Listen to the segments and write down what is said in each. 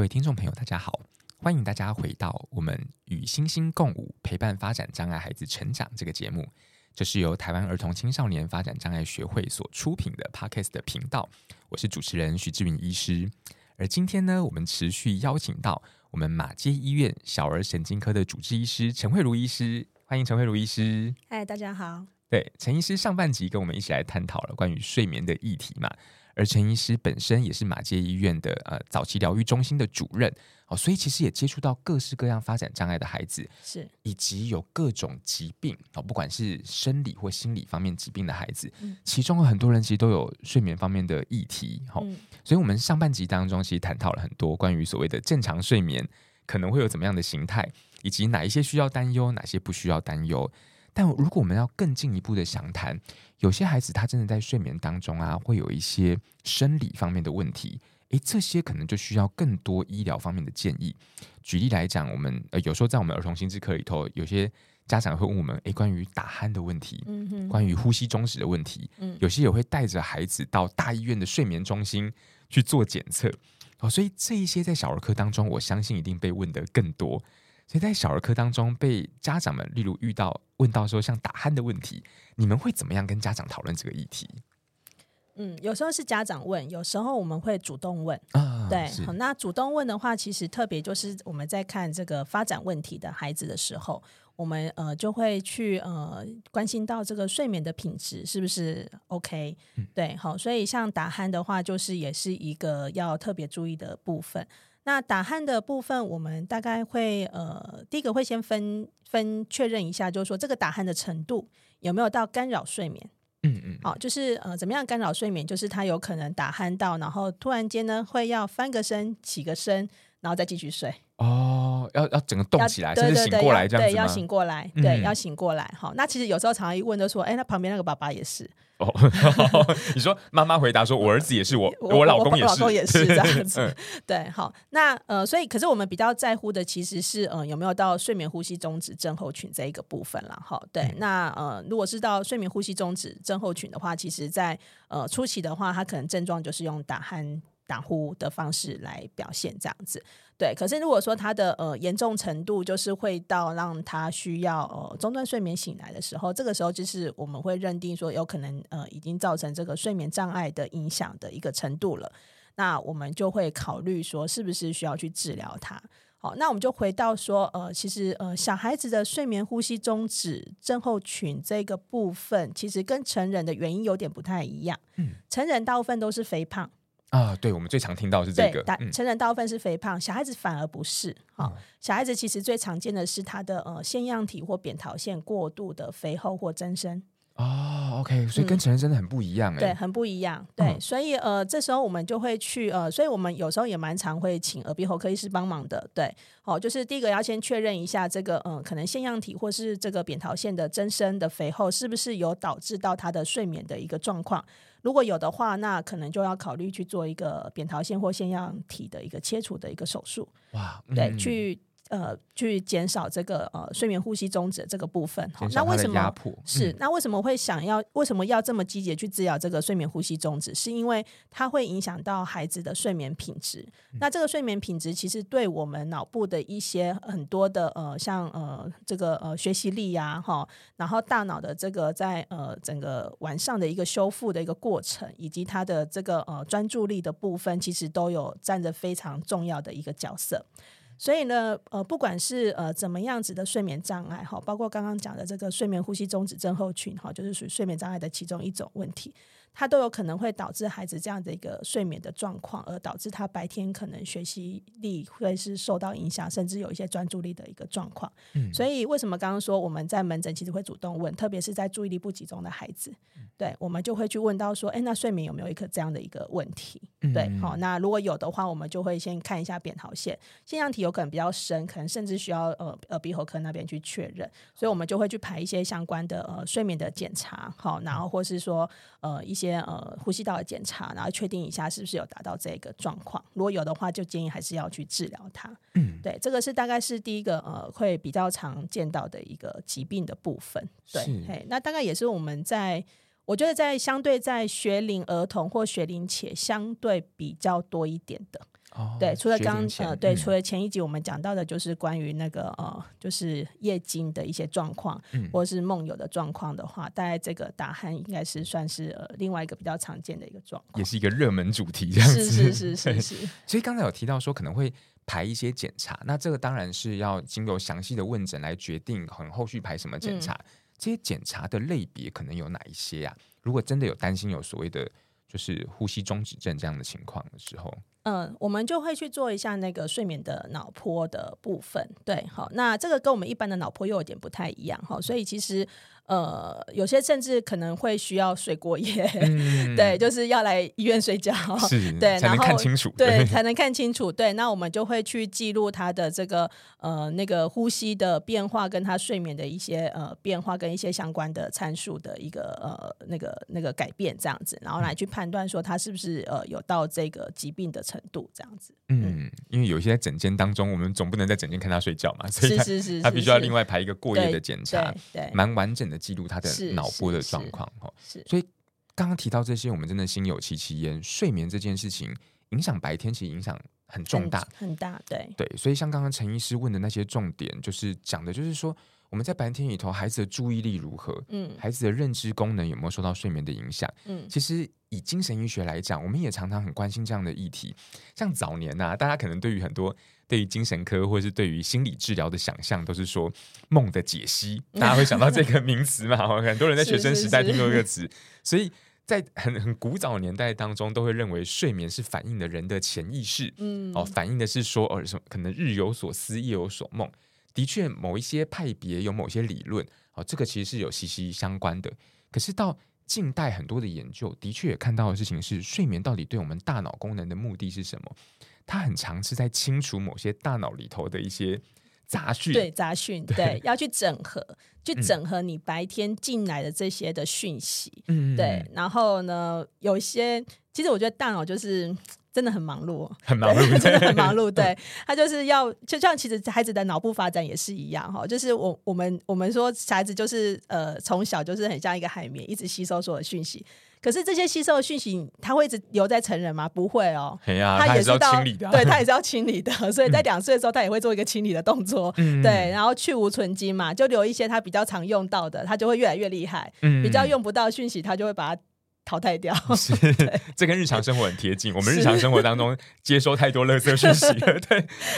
各位聽眾朋友，大家好！歡迎大家回到我們《與星星共舞，陪伴發展障礙孩子成長》這個節目，這、就是由台灣兒童青少年發展障礙學會所出品的 Podcast 的頻道。我是主持人許志云醫師，而今天呢，我們持續邀請到我們馬偕醫院小兒神經科的主治醫師陳慧如醫師，歡迎陳慧如醫師。嗨，大家好。對，陳醫師上半集跟我們一起來探討了關於睡眠的議題嘛。而陳醫師本身也是馬偕醫院的呃早期療育中心的主任哦，所以其實也接觸到各式各樣發展障礙的孩子，是以及有各種疾病、哦、不管是生理或心理方面疾病的孩子，嗯、其中有很多人其實都有睡眠方面的議題，哦嗯、所以我們上半集當中其實探討了很多關於所謂的正常睡眠可能會有怎麼樣的形態，以及哪一些需要擔憂，哪些不需要擔憂。但如果我們要更進一步的詳談，有些孩子他真的在睡眠當中啊，會有一些生理方面的問題，誒，這些可能就需要更多醫療方面的建議。舉例來講，我們、呃、有時候在我們兒童心智課裡頭，有些家長會問我們，誒，關於打鼾的問題，嗯、哼關於呼吸中止的問題，嗯、有些也會帶着孩子到大醫院的睡眠中心去做檢測，哦、所以這一些在小兒科當中，我相信一定被問得更多。所以在小兒科當中，被家長們例如遇到問到說像打鼾的問題，你們會怎麼樣跟家長討論這個議題？嗯，有時候是家長問，有時候我們會主動問。啊，對，是。好，那主動問的話，其實特別就是我們在看這個發展問題的孩子的時候，我們呃就會去呃關心到這個睡眠的品質是不是 OK？嗯。對，好，所以像打鼾的話，就是也是一個要特別注意的部分。那打鼾的部分，我們大概會呃，第一個會先分分確認一下，就是說這個打鼾的程度有沒有到干擾睡眠。嗯嗯，好、哦，就是呃，怎麼樣干擾睡眠？就是他有可能打鼾到，然後突然間呢，會要翻個身、起個身，然後再繼續睡。要要整個動起來，要甚至醒過來這樣子對,對,對,對，要醒過來，嗯、對，要醒過來。好，那其實有時候常常一問，就說，哎、欸，那旁邊那個爸爸也是。哦, 哦，你說媽媽回答說，我兒子也是、嗯、我，我老,是我老公也是這樣子。對,嗯、對，好，那呃，所以可是我們比較在乎的其實是，嗯、呃，有沒有到睡眠呼吸中止症候群這一個部分了？哈，對，嗯、那呃，如果是到睡眠呼吸中止症候群的話，其實在，在呃初期的話，他可能症狀就是用打鼾、打呼的方式來表現這樣子。對，可是如果說他的呃嚴重程度，就是會到讓他需要呃中斷睡眠醒來的時候，這個時候就是我們會認定說有可能呃已經造成這個睡眠障礙的影響的一個程度了，那我們就會考慮說是不是需要去治療他。好，那我們就回到說呃，其實呃小孩子的睡眠呼吸中止症候群這個部分，其實跟成人的原因有點不太一樣。嗯，成人大部分都是肥胖。啊，對，我們最常聽到的是這個，對，成人大部分是肥胖，嗯、小孩子反而不是。哈、嗯，小孩子其實最常見的是他的呃腺樣體或扁桃腺過度的肥厚或增生。哦、oh，OK，所以跟成人真的很不一樣哎、欸、嗯，對，很不一樣，對，嗯、所以呃，這時候我們就會去呃，所以我們有時候也蠻常會請耳鼻喉科醫師幫忙的，對，哦，就是第一個要先確認一下這個嗯、呃，可能腺樣體或是這個扁桃腺的增生的肥厚是不是有導致到他的睡眠的一個狀況，如果有的話，那可能就要考慮去做一個扁桃腺或腺樣體的一個切除的一個手術，哇，嗯、對，去。呃，去減少這個呃睡眠呼吸中止的這個部分哈。那為什麼、嗯、是？那為什麼會想要為什麼要這麼積極去治療這個睡眠呼吸中止？是因為它會影響到孩子的睡眠品質。嗯、那這個睡眠品質其實對我們腦部的一些很多的呃，像呃這個呃學習力呀、啊、哈，然後大腦的這個在呃整個晚上的一個修復的一個過程，以及它的這個呃專注力的部分，其實都有佔着非常重要的一個角色。所以呢，呃，不管是呃怎麼樣子的睡眠障礙哈，包括剛剛講的這個睡眠呼吸中止症候群哈，就是屬於睡眠障礙的其中一種問題。它都有可能會導致孩子這樣的一個睡眠的狀況，而導致他白天可能學習力會是受到影響，甚至有一些專注力的一個狀況。嗯、所以為什麼剛剛說我們在門診其實會主動問，特別是在注意力不集中的孩子，嗯、對，我們就會去問到說，哎，那睡眠有沒有一個這樣的一個問題？嗯、對，好、哦，那如果有的話，我們就會先看一下扁桃腺、腺樣體有可能比較深，可能甚至需要呃耳鼻喉科那邊去確認。所以，我們就會去排一些相關的呃睡眠的檢查，好、哦，然後或是說呃一。些呃呼吸道的檢查，然後確定一下是不是有達到這個狀況。如果有的話，就建議還是要去治療它。嗯，對，這個是大概是第一個呃會比較常見到的一個疾病的部分。對，是嘿，那大概也是我們在我覺得在相對在學齡兒童或學齡前相對比較多一點的。哦、對，除了剛，剛呃，對，除了前一集我們講到的，就是關於那個、嗯、呃，就是夜驚的一些狀況，嗯、或是夢遊的狀況的話，大概這個打鼾應該是算是、呃、另外一個比較常見的一個狀況，也是一個熱門主題，這樣子。是是是是是。所以剛才有提到說可能會排一些檢查，那這個當然是要經過詳細的問診來決定，很後續排什麼檢查。嗯、這些檢查的類別可能有哪一些呀、啊？如果真的有擔心，有所謂的。就是呼吸中止症這樣的情況的時候，嗯，我們就會去做一下那個睡眠的腦波的部分。對，好，那這個跟我們一般的腦波又有點不太一樣，哈，所以其實。呃，有些甚至可能會需要睡過夜，嗯、 對，就是要來醫院睡覺，是對，才能後看清楚，對，對，才能看清楚，對，那我們就會去記錄他的這個呃那個呼吸的變化，跟他睡眠的一些呃變化，跟一些相關的參數的一個呃那個那個改變這樣子，然後來去判斷說他是不是呃有到這個疾病的程度這樣子。嗯，嗯因為有些診間當中，我們總不能在診間看他睡覺嘛，是是，是是是，他必須要另外排一個過夜的檢查，對，對對蠻完整的。記錄他的腦波的狀況，是是是是是，所以剛剛提到這些，我們真的心有戚戚焉。睡眠這件事情，影響白天，其實影響很重大，很，很大，對對。所以像剛剛陳醫師問的那些重點，就是講的就是說，我們在白天裡頭孩子的注意力如何，嗯，孩子的認知功能有沒有受到睡眠的影響？嗯，其實以精神醫學來講，我們也常常很關心這樣的議題。像早年吶、啊，大家可能對於很多。對於精神科或者是對於心理治療的想象，都是說夢的解析，大家會想到這個名詞嘛？ 很多人在學生時代聽過這個詞，是是是是。所以在很很古早的年代當中，都會認為睡眠是反映的人的潛意識，嗯，哦，反映的是說，哦、呃，什麼可能日有所思，夜有所夢。的確，某一些派別有某些理論，哦，這個其實是有息息相關的。可是到近代，很多的研究的確也看到的事情是，睡眠到底對我們大腦功能的目的是什麼？他很常是在清除某些大腦裡頭的一些雜訊，對雜訊，對要去整合，嗯、去整合你白天進來的這些的訊息，嗯，對。然後呢，有一些，其實我覺得大腦就是真的很忙碌，很忙碌對，真的很忙碌。對， 對他就是要，就像其實孩子的腦部發展也是一樣哈，就是我我們我們說小孩子就是呃從小就是很像一個海綿，一直吸收所有的訊息。可是這些吸收的訊息，他會一直留在成人嗎？不會哦、喔，他也是要清理的，對他也是要清理的，所以在兩歲的時候，他也會做一個清理的動作，嗯、對，然後去蕪存菁嘛，就留一些他比較常用到的，他就會越來越厲害，比較用不到訊息，他就會把它。淘汰掉，是，這跟日常生活很貼近。我們日常生活當中接收太多垃圾訊息，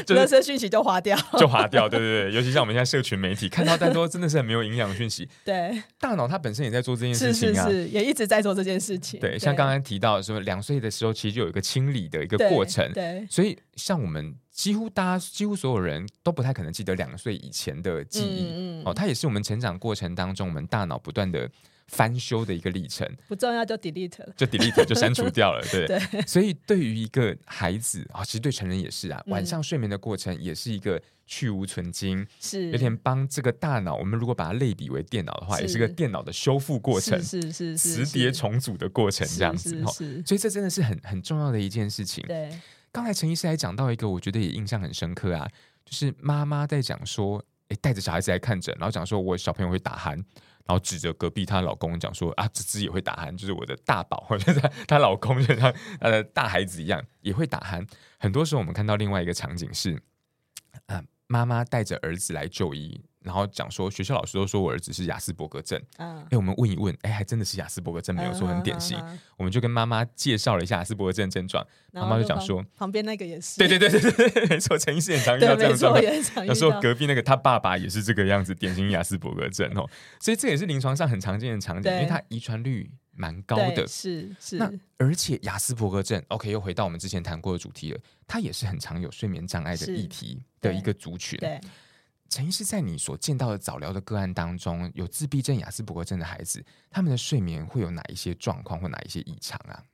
對，垃圾訊息就劃掉，就劃掉。對對對，尤其像我們現在社群媒體看到再多，真的是很沒有營養的訊息。對，大腦它本身也在做這件事情啊，也一直在做這件事情。對，像剛剛提到什麼兩歲的時候，其實就有一個清理的一個過程。對，所以像我們幾乎大家幾乎所有人都不太可能記得兩歲以前的記憶哦，它也是我們成長過程當中我們大腦不斷的。翻修的一個歷程，不重要就 delete 了， 就 delete 就刪除掉了，對。對。所以對於一個孩子啊、哦，其實對成人也是啊，嗯、晚上睡眠的過程也是一個去蕪存菁，是有點幫這個大腦。我們如果把它類比為電腦的話，是也是一個電腦的修復過程，是是是，是是是，磁碟重組的過程，是是是是這樣子是、哦。所以這真的是很很重要的一件事情。對。剛才陳醫師還講到一個，我覺得也印象很深刻啊，就是媽媽在講說，誒，帶着小孩子來看診，然後講說我小朋友會打鼾。然後指着隔壁她老公講說：“啊，這隻也會打鼾，就是我的大寶，或者她她老公，就像呃大孩子一樣也會打鼾。”很多時候我們看到另外一個場景是，啊，媽媽帶着兒子來就醫。然後講說，學校老師都說我兒子是亞斯伯格症。哎，我們問一問，哎，還真的是亞斯伯格症，沒有說很典型。我們就跟媽媽介紹了一下亞斯伯格症症狀，媽媽就講說，旁邊那個也是。對對對對對，沒錯，陳醫師也常遇到這樣狀況。他說隔壁那個他爸爸也是這個樣子，典型亞斯伯格症哦。所以這也是臨床上很常見的場景，因為它遺傳率蠻高的。是是。那而且亞斯伯格症，OK，又回到我們之前談過的主題了，它也是很常有睡眠障礙的議題的一個族群。對。陳醫師，在你所見到的早療的個案當中，有自閉症、亞斯伯格症的孩子，他們的睡眠會有哪一些狀況或哪一些異常啊？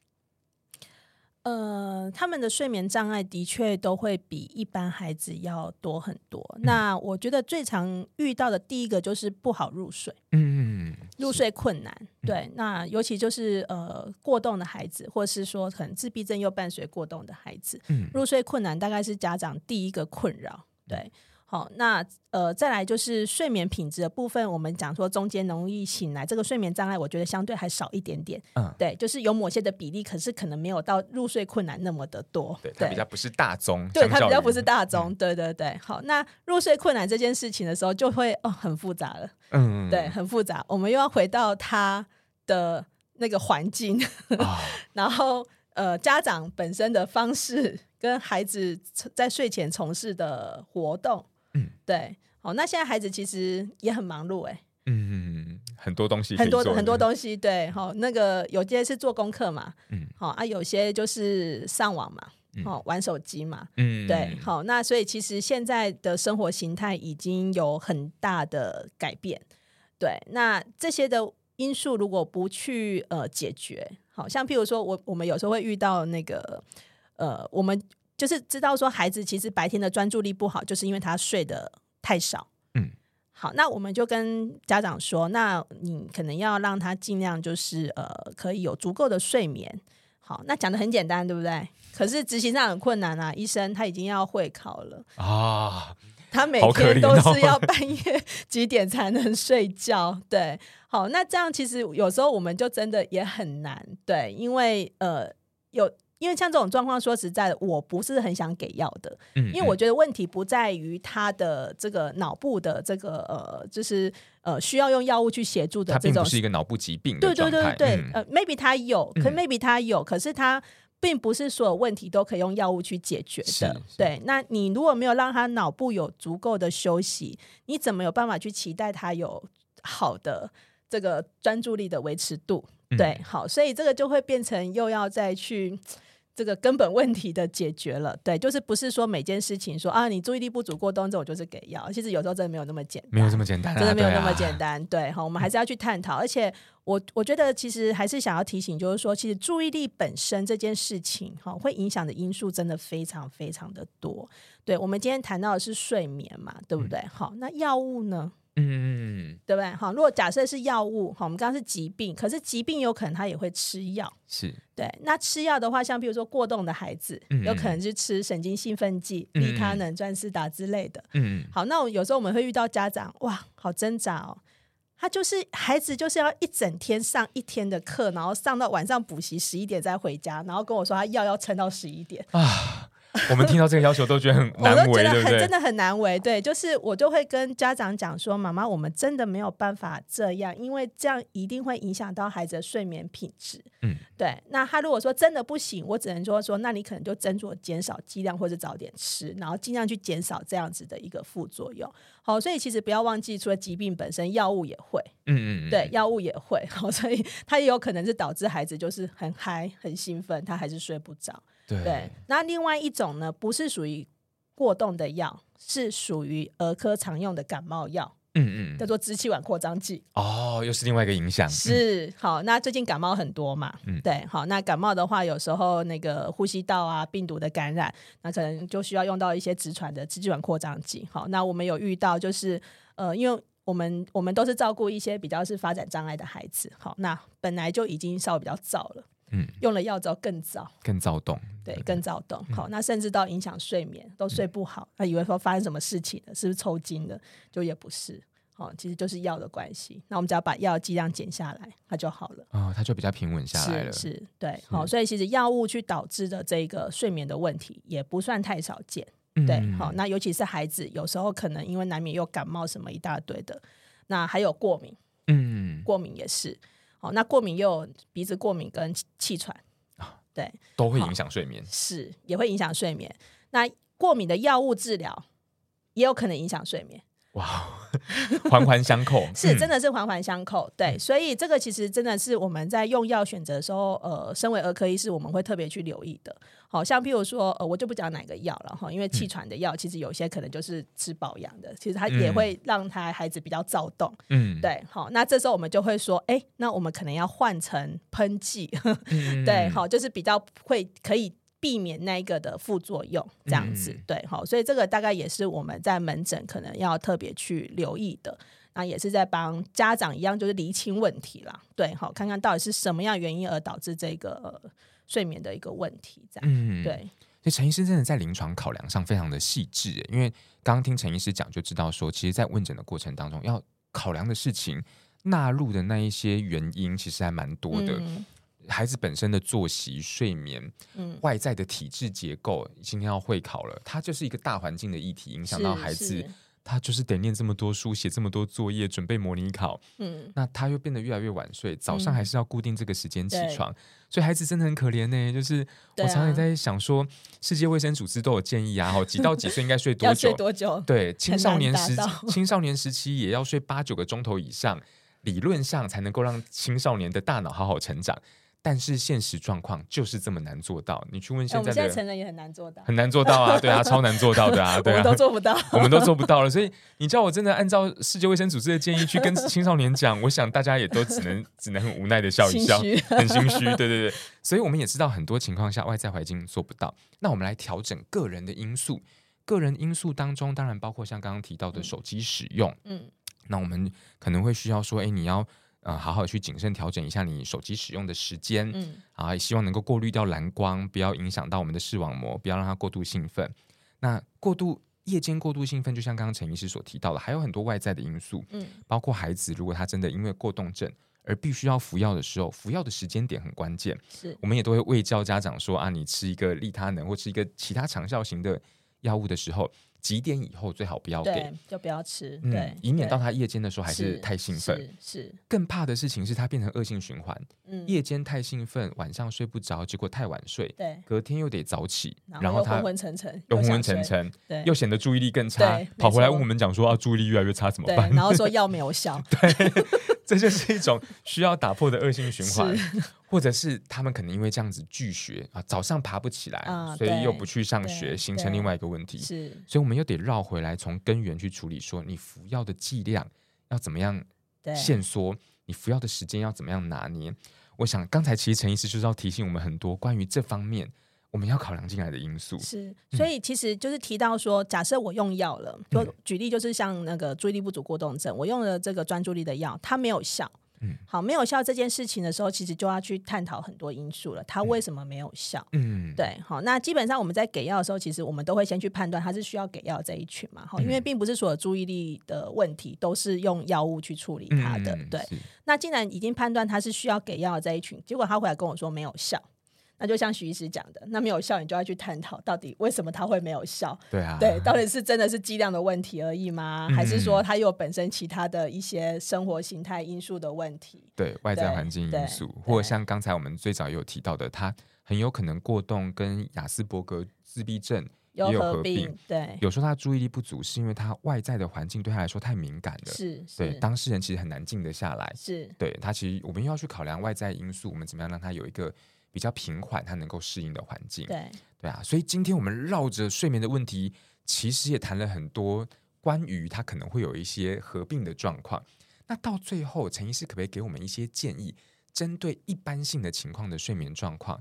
呃，他們的睡眠障礙的確都會比一般孩子要多很多。嗯、那我覺得最常遇到的第一個就是不好入睡，嗯，入睡困難。對，嗯、那尤其就是呃過動的孩子，或是說可能自閉症又伴隨過動的孩子，嗯、入睡困難大概是家長第一個困擾，對。好，那呃，再來就是睡眠品質的部分，我們講說中間容易醒來，這個睡眠障礙，我覺得相對還少一點點。嗯，對，就是有某些的比例，可是可能沒有到入睡困難那麼的多。嗯、對，它比較不是大宗。對，它比較不是大宗。嗯、對對對。好，那入睡困難這件事情的時候，就會、嗯、哦很複雜了。嗯，對，很複雜。我們又要回到他的那個環境， 哦、然後呃，家長本身的方式跟孩子在睡前從事的活動。對，好、哦，那現在孩子其實也很忙碌哎、欸，嗯，很多東西，很多很多東西，對，好、哦，那個有些是做功課嘛，嗯，好、哦、啊，有些就是上網嘛，好、嗯哦、玩手機嘛，嗯，對，好、哦，那所以其實現在的生活形態已經有很大的改變，對，那這些的因素如果不去呃解決，好、哦、像譬如說我我們有時候會遇到那個呃，我們。就是知道說孩子其實白天的專注力不好，就是因為他睡得太少。嗯，好，那我們就跟家長說，那你可能要讓他盡量就是呃，可以有足夠的睡眠。好，那講得很簡單，對不對？可是執行上很困難啊。醫生他已經要會考了啊，他每天都是要半夜幾點才能睡覺？對，好，那這樣其實有時候我們就真的也很難，對，因為呃有。因為像這種狀況，說實在的，我不是很想給藥的，嗯、因為我覺得問題不在於他的這個腦部的這個呃，就是呃，需要用藥物去協助的這種。他並不是一個腦部疾病的狀態。對，對對對對，嗯、呃，maybe 他有，可 maybe 他有，嗯、可是他並不是所有問題都可以用藥物去解決的。是是對，那你如果沒有讓他腦部有足夠的休息，你怎麼有辦法去期待他有好的這個專注力的維持度？對，好，所以這個就會變成又要再去這個根本問題的解決了。對，就是不是說每件事情說啊，你注意力不足過動症我就是給藥，其實有時候真的沒有那麼簡單，沒有這麼簡單、啊，真的沒有、啊、那麼簡單。對，好，我們還是要去探討。而且我我覺得其實還是想要提醒，就是說，其實注意力本身這件事情哈，會影響的因素真的非常非常的多。對我們今天談到的是睡眠嘛，對不對？嗯、好，那藥物呢？嗯，嗯，嗯，對不對？好，如果假設是藥物，好，我們剛剛是疾病，可是疾病有可能他也會吃藥，是對。那吃藥的話，像比如說過動的孩子，嗯嗯有可能是吃神經興奮劑，嗯嗯利他能、專思達之類的。嗯，嗯，好，那有時候我們會遇到家長，哇，好掙扎哦，他就是孩子，就是要一整天上一天的課，然後上到晚上補習十一點再回家，然後跟我說他藥要撐到十一點啊。 我們聽到這個要求都覺得很難為，對不對？真的很難為，對、對、對，就是我就會跟家長講說：“媽媽，我們真的沒有辦法這樣，因為這樣一定會影響到孩子的睡眠品質。”嗯，對。那他如果說真的不行，我只能說說，那你可能就斟酌減少劑量或者早點吃，然後盡量去減少這樣子的一個副作用。哦，所以其實不要忘記，除了疾病本身，藥物也會。嗯、嗯嗯，對，藥物也會。好、哦，所以它也有可能是導致孩子就是很嗨、很興奮，他還是睡不着。對，對。那另外一種呢，不是屬於過動的藥，是屬於兒科常用的感冒藥。嗯嗯，叫做支氣管擴張劑哦，又是另外一個影響是好。那最近感冒很多嘛，嗯，對，好，那感冒的話，有時候那個呼吸道啊，病毒的感染，那可能就需要用到一些直喘的支氣管擴張劑。好，那我們有遇到就是呃，因為我們我們都是照顧一些比較是發展障礙的孩子，好，那本來就已經稍微比較躁了，嗯，用了藥之後更躁、更躁動，對，更躁動。嗯、好，那甚至到影響睡眠，都睡不好。那、嗯啊、以為說發生什麼事情了，是不是抽筋了？就也不是。哦，其實就是藥的關係，那我們只要把藥劑量減下來，它就好了。啊、哦，它就比較平穩下來了。是,是，對。好、嗯哦，所以其實藥物去導致的這個睡眠的問題，也不算太少見。對，好、嗯哦，那尤其是孩子，有時候可能因為難免又感冒什麼一大堆的，那還有過敏，嗯，過敏也是。哦，那過敏又有鼻子過敏跟氣喘，哦、對，都會影響睡眠，哦、是也會影響睡眠。那過敏的藥物治療也有可能影響睡眠。哇，環環相扣 是，真的是環環相扣。嗯、對，所以這個其實真的是我們在用藥選擇的時候，呃，身為兒科醫師，我們會特別去留意的。好，像譬如說，呃，我就不講哪個藥了哈，因為氣喘的藥其實有些可能就是吃保養的，其實它也會讓他孩子比較躁動。嗯，對，好，那這時候我們就會說，哎、欸，那我們可能要換成噴劑。對，好，就是比較會可以。避免那一個的副作用，這樣子、嗯、對，好，所以這個大概也是我們在門診可能要特別去留意的，那也是在幫家長一樣，就是釐清問題啦，對，好，看看到底是什麼樣原因而導致這個、呃、睡眠的一個問題這樣，嗯，對。所以陳醫師真的在臨床考量上非常的細緻耶，因為剛剛聽陳醫師講，就知道說，其實，在問診的過程當中要考量的事情納入的那一些原因，其實還蠻多的。嗯孩子本身的作息、睡眠、嗯、外在的體質結構，今天要會考了，他就是一個大環境的議題，影響到孩子，他就是得念這麼多書、寫這麼多作業、準備模擬考。嗯，那他又變得越來越晚睡，早上還是要固定這個時間起床，嗯、所以孩子真的很可憐呢，欸。就是我常常也在想說，說、啊、世界衛生組織都有建議啊，好幾到幾歲應該睡多久？ 多久？對，青少年時青少年時期也要睡八九個鐘頭以上，理論上才能夠讓青少年的大腦好好成長。但是現實狀況就是這麼難做到。你去問現在，的現在人也很難做到，很難做到啊，對啊， 超難做到的啊，對啊， 我們都做不到， 我們都做不到了。所以你叫我真的按照世界衛生組織的建議去跟青少年講， 我想大家也都只能只能很無奈的笑一笑，心虛 很心虛，對對對。所以我們也知道很多情況下外在環境做不到，那我們來調整個人的因素。個人因素當中，當然包括像剛剛提到的手機使用，嗯，嗯那我們可能會需要說，哎、欸，你要。啊、呃，好好去謹慎調整一下你手機使用的時間，嗯，啊，希望能夠過濾掉藍光，不要影響到我們的視網膜，不要讓它過度興奮。那過度夜間過度興奮，就像剛剛陳醫師所提到的，還有很多外在的因素，嗯，包括孩子如果他真的因為過動症而必須要服藥的時候，服藥的時間點很關鍵，是我們也都會為教家長說啊，你吃一個利他能或吃一個其他長效型的藥物的時候，幾點以後最好不要給，就不要吃，對，以免到他夜間的時候還是太興奮。是，更怕的事情是他變成惡性循環，嗯，夜間太興奮，晚上睡不着，結果太晚睡，對，隔天又得早起，然後他昏昏沉沉，又昏昏沉沉，對，又顯得注意力更差，跑回來問我們講說啊，注意力越來越差怎麼辦？然後說藥沒有效，對，這就是一種需要打破的惡性循環，或者是他們可能因為這樣子拒學啊，早上爬不起來，所以又不去上學，形成另外一個問題，是，所以。我們又得繞回來，從根源去處理。說你服藥的劑量要怎麼樣限縮，對你服藥的時間要怎麼樣拿捏？我想剛才其實陳醫師就是要提醒我們很多關於這方面我們要考量進來的因素。是，所以其實就是提到說，嗯，假設我用藥了，就舉例就是像那個注意力不足過動症，我用了這個專注力的藥，它沒有效。嗯、好，沒有效這件事情的時候，其實就要去探討很多因素了。他為什麼沒有效？嗯，嗯對，好，那基本上我們在給藥的時候，其實我們都會先去判斷他是需要給藥這一群嘛，哈，因為並不是所有注意力的問題都是用藥物去處理他的。嗯、對，是那既然已經判斷他是需要給藥的這一群，結果他回來跟我說沒有效。那就像徐醫師講的，那沒有效，你就要去探討到底為什麼他會沒有效？對啊，對，到底是真的是劑量的問題而已嗎？嗯、還是說他有本身其他的一些生活形態因素的問題？對外在環境因素，對或者像剛才我們最早也有提到的，他很有可能過動跟亞斯伯格自閉症也有合併。對，有時候他注意力不足，是因為他外在的環境對他來說太敏感了。是，是對當事人其實很難靜得下來。是，對他其實我們又要去考量外在因素，我們怎麼樣讓他有一個。比較平緩，他能夠適應的環境。對，對啊，所以今天我們繞着睡眠的問題，其實也談了很多關於他可能會有一些合併的狀況。那到最後，陳醫師可不可以給我們一些建議，針對一般性的情況的睡眠狀況，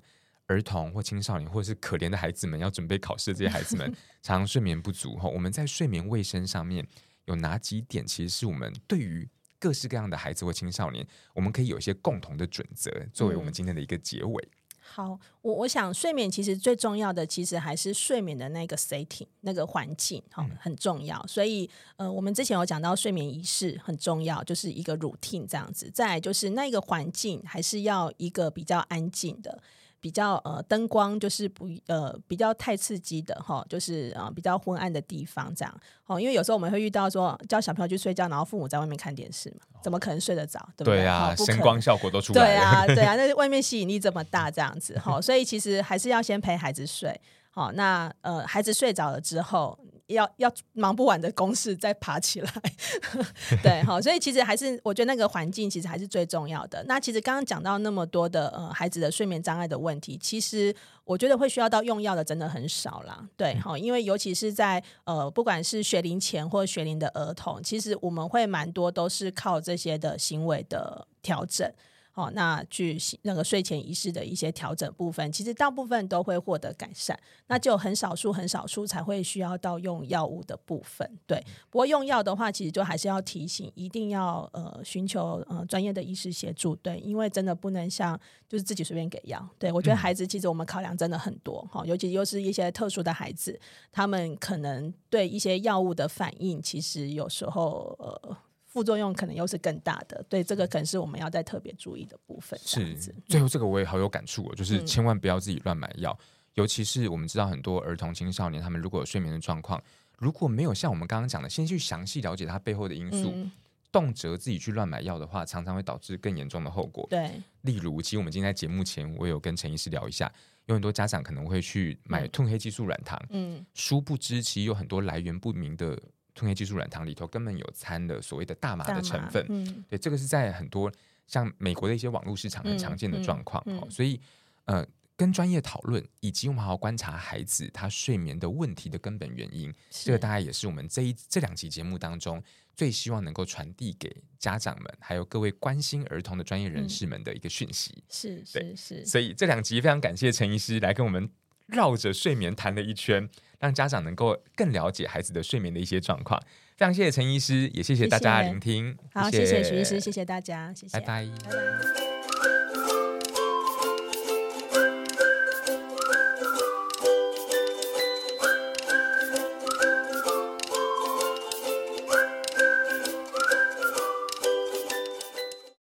兒童或青少年，或者是可憐的孩子們要準備考試的這些孩子們，常常睡眠不足哈， 我們在睡眠衛生上面有哪幾點，其實是我們對於。各式各樣的孩子或青少年，我們可以有一些共同的準則作為我們今天的一個結尾。嗯、好，我我想睡眠其實最重要的，其實還是睡眠的那個 setting，那個環境好，哦，很重要。所以呃，我們之前有講到睡眠儀式很重要，就是一個 routine 這樣子。再來就是那個環境還是要一個比較安靜的。比較呃燈光就是不呃比較太刺激的吼，就是呃比較昏暗的地方這樣哦，因為有時候我們會遇到說，叫小朋友去睡覺，然後父母在外面看電視嘛，怎麼可能睡得着？對不對？對呀，聲光效果都出來了。對啊，對啊，那外面吸引力這麼大，這樣子吼。所以其實還是要先陪孩子睡。好，那呃孩子睡着了之後。要要忙不完的公事再爬起來， 對 所以其實還是我覺得那個環境其實還是最重要的。那其實剛剛講到那麼多的呃孩子的睡眠障礙的問題，其實我覺得會需要到用藥的真的很少啦。對，嗯，因為尤其是在呃不管是學齡前或學齡的兒童，其實我們會蠻多都是靠這些的行為的調整。哦，那去那個睡前儀式的一些調整部分，其實大部分都會獲得改善，那就很少數很少數才會需要到用藥物的部分。對，不過用藥的話，其實就還是要提醒，一定要呃尋求呃專業的醫師協助。對，因為真的不能像就是自己隨便給藥。對我覺得孩子其實我們考量真的很多哈，哦，尤其又是一些特殊的孩子，他們可能對一些藥物的反應，其實有時候呃。副作用可能又是更大的，對，這個可能是我們要再特別注意的部分。是，最後這個我也好有感觸哦，就是千萬不要自己亂買藥，嗯、尤其是我們知道很多兒童青少年他們如果有睡眠的狀況，如果沒有像我們剛剛講的，先去詳細了解它背後的因素，嗯、動輒自己去亂買藥的話，常常會導致更嚴重的後果。對，例如其實我們今天在節目前，我有跟陳醫師聊一下，有很多家長可能會去買褪黑激素軟糖嗯，嗯，殊不知其實有很多來源不明的。吞業技術軟糖裡頭根本有摻的所謂的大麻的成分，嗯、對，這個是在很多像美國的一些網絡市場很常見的狀況。嗯嗯嗯、所以，呃，跟專業討論，以及我們好好觀察孩子他睡眠的問題的根本原因，是這個大概也是我們這一這兩集節目當中最希望能夠傳遞給家長們，還有各位關心兒童的專業人士們的一個訊息，嗯。是，是，是。所以這兩集非常感謝陳醫師來跟我們。繞着睡眠談了一圈，讓家長能夠更了解孩子的睡眠的一些狀況。非常謝謝陳醫師，也謝謝大家的聆聽。謝謝。好，謝謝徐醫師，謝謝大家，拜拜，謝謝，拜拜。拜拜。